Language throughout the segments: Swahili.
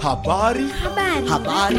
Habari. Habari. Habari.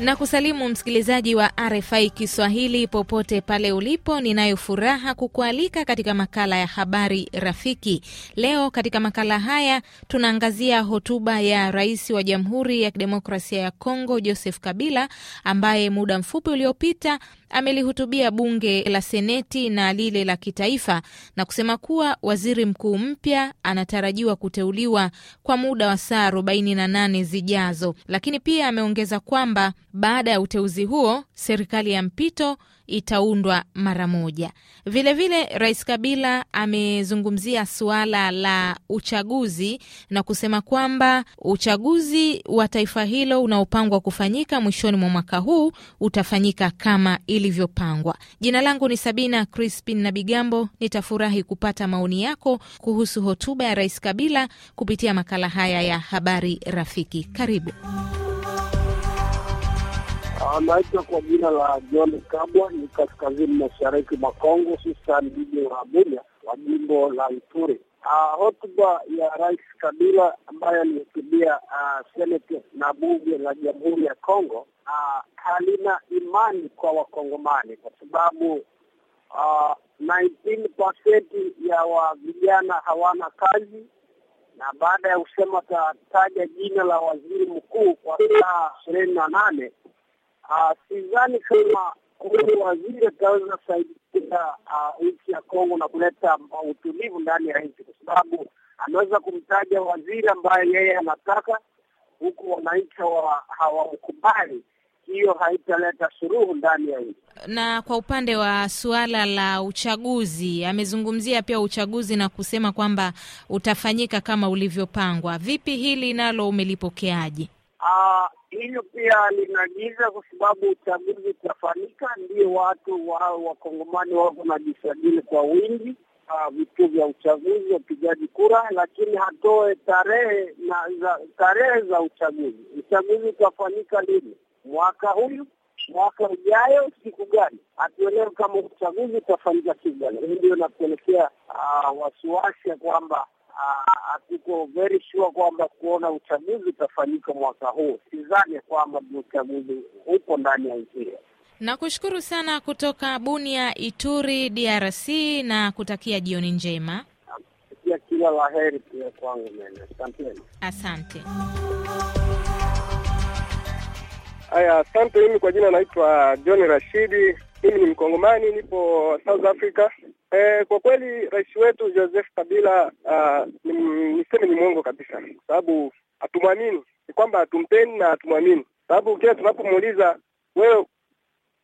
Na kusalimu msikilizaji wa RFI Kiswahili popote pale ulipo, ninayo furaha kukualika katika makala ya habari rafiki. Leo katika makala haya tunaangazia hotuba ya rais wa Jamhuri ya Kidemokrasia ya Kongo Joseph Kabila ambaye muda mfupi uliopita amelihutubia bunge la Seneti na lile la kitaifa na kusema kuwa waziri mkuu mpya anatarajiwa kuteuliwa kwa muda wa saa 48 zijazo, lakini pia ameongeza kwamba baada ya uteuzi huo serikali ya mpito itaundwa mara moja. Vilevile, Rais Kabila amezungumzia suala la uchaguzi na kusema kwamba uchaguzi wa taifa hilo unaopangwa kufanyika mwishoni mwa mwaka huu utafanyika kama ili ilivyopangwa. Jina langu ni Sabina Crispin na Bigambo. Nitafurahi kupata maoni yako kuhusu hotuba ya Rais Kabila kupitia makala haya ya Habari Rafiki. Karibu. Anaitwa ah, kwa jina la John Kabwa, ni kaskazini mashariki mwa Kongo, hususan jiji wa Bunia wa jimbo la Ituri. Ah, hotuba ya Rais Kabila ambayo alihutubia ah, seneti na bunge la Jamhuri ya Kongo ah, halina imani kwa Wakongomani kwa sababu 19% ya wa vijana hawana kazi na baada ya kusema atataja jina la waziri mkuu kwa saa ishirini na nane, sidhani kama kwa waziri ataweza saidia ah, nchi ya Kongo na kuleta ah, utulivu ndani ya nchi, kwa sababu anaweza kumtaja waziri ambaye yeye anataka, huku wananchi hawakubali Hiyo haitaleta suluhu ndani ya nchi. Na kwa upande wa suala la uchaguzi, amezungumzia pia uchaguzi na kusema kwamba utafanyika kama ulivyopangwa. Vipi hili nalo umelipokeaje? Ah, hilo pia linaagiza kwa sababu uchaguzi utafanyika, ndio watu wao wakongomani wako na jisajili kwa wingi vituo vya uchaguzi wapigaji kura, lakini hatoe tarehe na za tarehe za uchaguzi. Uchaguzi utafanyika lini? Mwaka huyu, mwaka ujayo, siku gani? Hatuelewe kama uchaguzi utafanyika siku gani. Hii ndio inapelekea ah, wasiwasi ya kwamba ah, hatuko very sure kwamba kuona uchaguzi utafanyika mwaka huu. Sidhani kwamba uchaguzi huko ndani ya nchi hiyo. Nakushukuru sana kutoka Bunia, Ituri, DRC na kutakia jioni njema. Kutakia kila la heri pia kwangu mene. Asanteni, asante. Haya, asante. Mimi kwa jina naitwa John Rashidi, mimi ni Mkongomani, nipo South Africa. E, kwa kweli rais wetu Joseph Kabila ah, niseme ni mwongo kabisa, sababu hatumwamini. Ni kwamba hatumpeni na hatumwamini, sababu kila tunapomuuliza wewe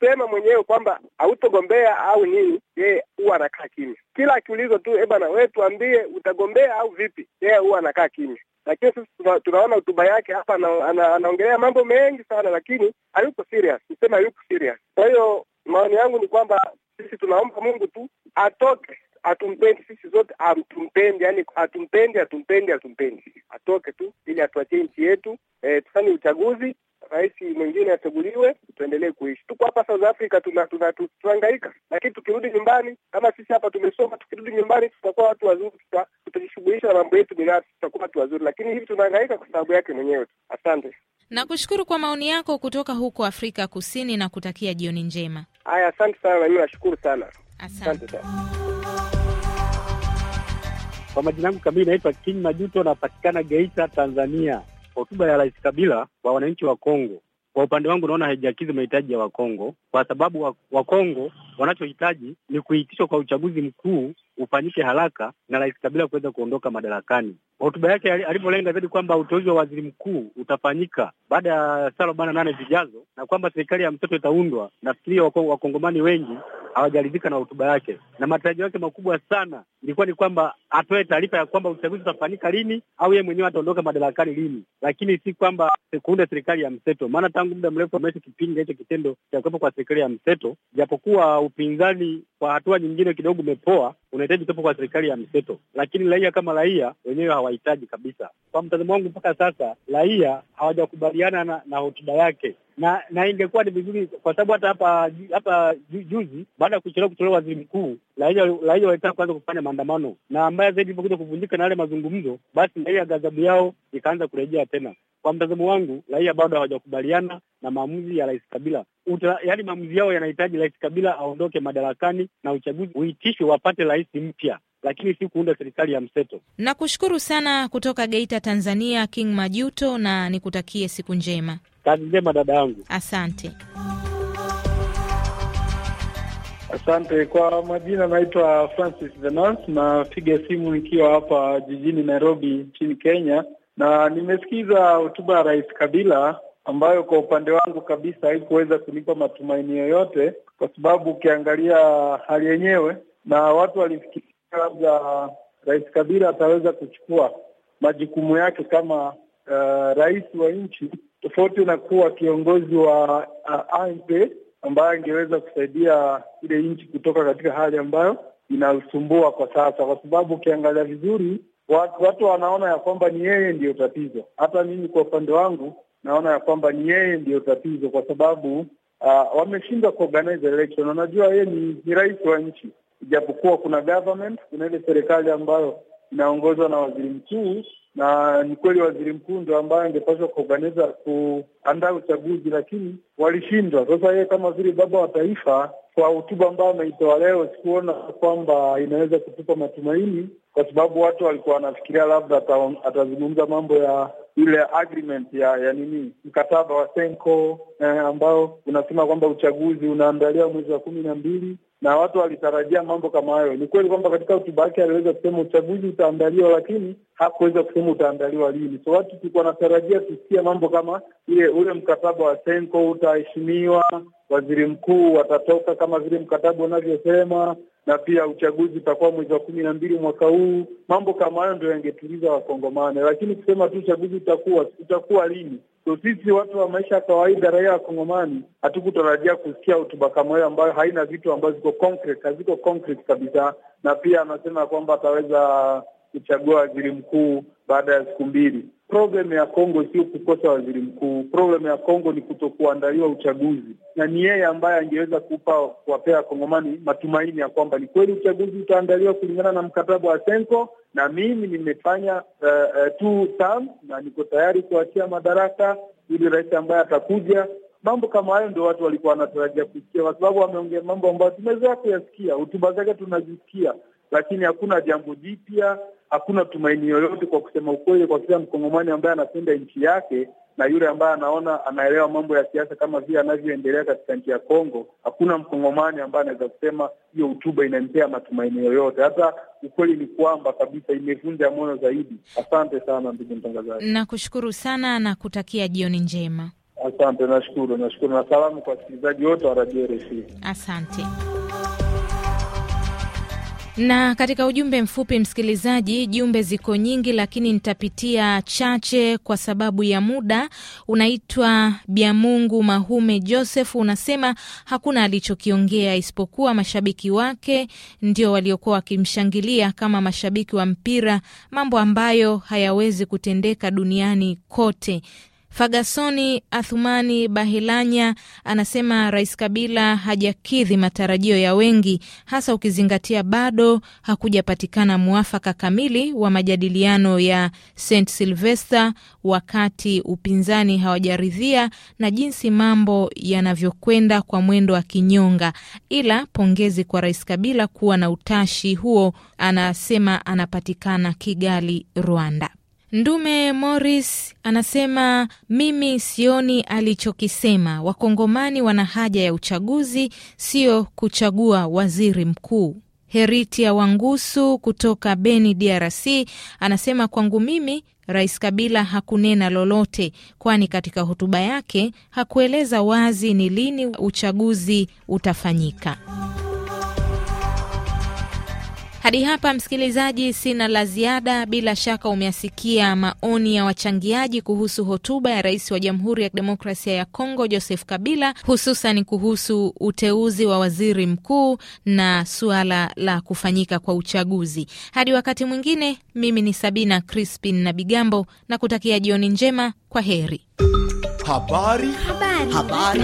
sema mwenyewe kwamba hautogombea au nini, yeye huwa anakaa kimya. Kila akiulizwa tu, eh wewe tuambie utagombea au vipi, yeye huwa anakaa kimya. Lakini sisi tunaona hotuba yake hapa anaongelea ana, mambo mengi sana, lakini hayuko serious, niseme hayuko serious. Kwa hiyo maoni yangu ni kwamba sisi tunaomba Mungu tu atoke, atumpendi sisi zote, hatumpendi yani, atumpendi atumpendi hatumpendi, atoke tu ili atuachie nchi yetu. E, tufanye uchaguzi, rais mwingine achaguliwe, tuendelee kuishi. Tuko hapa South Africa tunahangaika, lakini tukirudi nyumbani, kama sisi hapa tumesoma, tukirudi nyumbani tutakuwa watu wazuri, tutajishughulisha na mambo yetu binafsi, tutakuwa watu wazuri, lakini hivi tunahangaika kwa sababu yake mwenyewe. Asante. Nakushukuru kwa maoni yako kutoka huko Afrika Kusini na kutakia jioni njema. Haya, asante sana, nami nashukuru sana. Asante sana. Kwa majina yangu kamili naitwa King Majuto, napatikana Geita, Tanzania. Hotuba ya Rais Kabila kwa wananchi wa Kongo, kwa upande wangu naona haijakidhi mahitaji ya Wakongo kwa sababu Wakongo wa wanachohitaji ni kuitishwa kwa uchaguzi mkuu ufanyike haraka na Rais Kabila kuweza kuondoka madarakani. Hotuba yake alivyolenga zaidi kwamba uteuzi wa waziri mkuu utafanyika baada ya saa arobaini na nane zijazo na kwamba serikali ya mseto itaundwa. Nafikiri wakongomani wengi hawajaridhika na hotuba yake, na matarajio yake makubwa sana ilikuwa ni kwamba atoe taarifa ya kwamba uchaguzi utafanyika lini au yeye mwenyewe ataondoka madarakani lini, lakini si kwamba kuunda serikali ya mseto. Maana tangu muda mrefu ambacho kipinga hicho kitendo cha kuwepo kwa serikali ya mseto, japokuwa upinzani kwa hatua nyingine kidogo umepoa, una tunahitaji kuwepo kwa serikali ya mseto, lakini raia kama raia wenyewe hawahitaji kabisa. Kwa mtazamo wangu, mpaka sasa raia hawajakubaliana na, na hotuba yake na na ingekuwa ni vizuri kwa sababu hata hapa hapa juzi, baada ya kuchelewa kutolewa waziri mkuu, raia walitaka kuanza kufanya maandamano, na ambaye zaidi ilivyokuja kuvunjika na yale mazungumzo, basi na gazabu ghadhabu yao ikaanza kurejea tena. Kwa mtazamo wangu, raia bado hawajakubaliana na maamuzi ya Rais Kabila. Uta, yani maamuzi yao yanahitaji Rais Kabila aondoke madarakani na uchaguzi uitishwe, wapate rais mpya lakini si kuunda serikali ya mseto. Nakushukuru sana kutoka Geita, Tanzania, King Majuto, na nikutakie siku njema. Kazi njema dada yangu, asante. Asante kwa majina, naitwa Francis Venas, napiga simu nikiwa hapa jijini Nairobi nchini Kenya, na nimesikiza hotuba ya Rais Kabila ambayo kwa upande wangu kabisa haikuweza kunipa matumaini yoyote, kwa sababu ukiangalia hali yenyewe na watu walifikiria labda Rais Kabila ataweza kuchukua majukumu yake kama uh, rais wa nchi, tofauti na kuwa kiongozi wa uh, eh, ANP ambaye angeweza kusaidia ile nchi kutoka katika hali ambayo inasumbua kwa sasa, kwa sababu ukiangalia vizuri watu, watu wanaona ya kwamba ni yeye ndiyo tatizo. Hata mimi kwa upande wangu naona ya kwamba ni yeye ndiyo tatizo, kwa sababu uh, wameshindwa kuorganize election. Unajua yeye ni, ni rais wa nchi ijapokuwa kuna government, kuna ile serikali ambayo inaongozwa na waziri mkuu, na ni kweli waziri mkuu ndo ambaye angepaswa kuorganiza kuandaa uchaguzi, lakini walishindwa. Sasa yeye kama vile baba wa taifa, kwa hotuba ambayo ameitoa leo, sikuona kwamba inaweza kutupa matumaini kwa sababu watu walikuwa wanafikiria labda atazungumza mambo ya ile agreement ya ya nini mkataba wa Senko eh, ambao unasema kwamba uchaguzi unaandaliwa mwezi wa kumi na mbili na watu walitarajia mambo kama hayo. Ni kweli kwamba katika hotuba yake aliweza kusema uchaguzi utaandaliwa, lakini hakuweza kusema utaandaliwa lini. So watu tulikuwa wanatarajia kusikia mambo kama ile ule mkataba wa Senko utaheshimiwa, waziri mkuu watatoka kama vile mkataba unavyosema, na pia uchaguzi utakuwa mwezi wa kumi na mbili mwaka huu. Mambo kama hayo ndio yangetuliza Wakongomani, lakini kusema tu uchaguzi utakuwa utakuwa lini? So sisi watu wa maisha ya kawaida, raia wa Kongomani, hatukutarajia kusikia hotuba kama hiyo ambayo haina vitu ambayo ziko concrete, haziko concrete kabisa. Na pia anasema kwamba ataweza kuchagua waziri mkuu baada ya siku mbili. Problem ya Kongo sio kukosa waziri mkuu. Problem ya Kongo ni kutokuandaliwa uchaguzi, na ni yeye ambaye angeweza kupa kuwapea Kongomani matumaini ya kwamba ni kweli uchaguzi utaandaliwa kulingana na mkataba wa Senko, na mimi nimefanya uh, eh, uh, eh, two term na niko tayari kuachia madaraka ili rais ambaye atakuja. Mambo kama hayo ndio watu walikuwa wanatarajia kusikia, kwa sababu wameongea mambo ambayo tumezoea kuyasikia, hotuba zake tunazisikia, lakini hakuna jambo jipya hakuna tumaini yoyote, kwa kusema ukweli, kwa kila mkongomani ambaye anapenda nchi yake na yule ambaye anaona anaelewa mambo ya siasa kama vile anavyoendelea katika nchi ya Kongo, hakuna mkongomani ambaye anaweza kusema hiyo hotuba inampea matumaini yoyote. Hata ukweli ni kwamba kabisa imevunja moyo zaidi. Asante sana ndugu mtangazaji, nakushukuru sana na kutakia jioni njema. Asante, nashukuru, nashukuru na salamu kwa wasikilizaji wote wa Radio RFI. Asante. Na katika ujumbe mfupi, msikilizaji, jumbe ziko nyingi, lakini nitapitia chache kwa sababu ya muda. Unaitwa Biamungu Mahume josef unasema hakuna alichokiongea isipokuwa mashabiki wake ndio waliokuwa wakimshangilia kama mashabiki wa mpira, mambo ambayo hayawezi kutendeka duniani kote. Fagasoni Athumani Bahilanya anasema Rais Kabila hajakidhi matarajio ya wengi, hasa ukizingatia bado hakujapatikana mwafaka kamili wa majadiliano ya St Silvester, wakati upinzani hawajaridhia na jinsi mambo yanavyokwenda kwa mwendo wa kinyonga. Ila pongezi kwa Rais Kabila kuwa na utashi huo, anasema anapatikana Kigali, Rwanda. Ndume Morris anasema mimi sioni alichokisema. Wakongomani wana haja ya uchaguzi, sio kuchagua waziri mkuu. Heritia Wangusu kutoka Beni, DRC anasema kwangu mimi Rais Kabila hakunena lolote, kwani katika hotuba yake hakueleza wazi ni lini uchaguzi utafanyika. Hadi hapa msikilizaji, sina la ziada. Bila shaka umeasikia maoni ya wachangiaji kuhusu hotuba ya rais wa Jamhuri ya Kidemokrasia ya Kongo Joseph Kabila, hususan kuhusu uteuzi wa waziri mkuu na suala la kufanyika kwa uchaguzi. Hadi wakati mwingine, mimi ni Sabina Crispin na Bigambo na kutakia jioni njema. Kwa heri. Habari. Habari. Habari.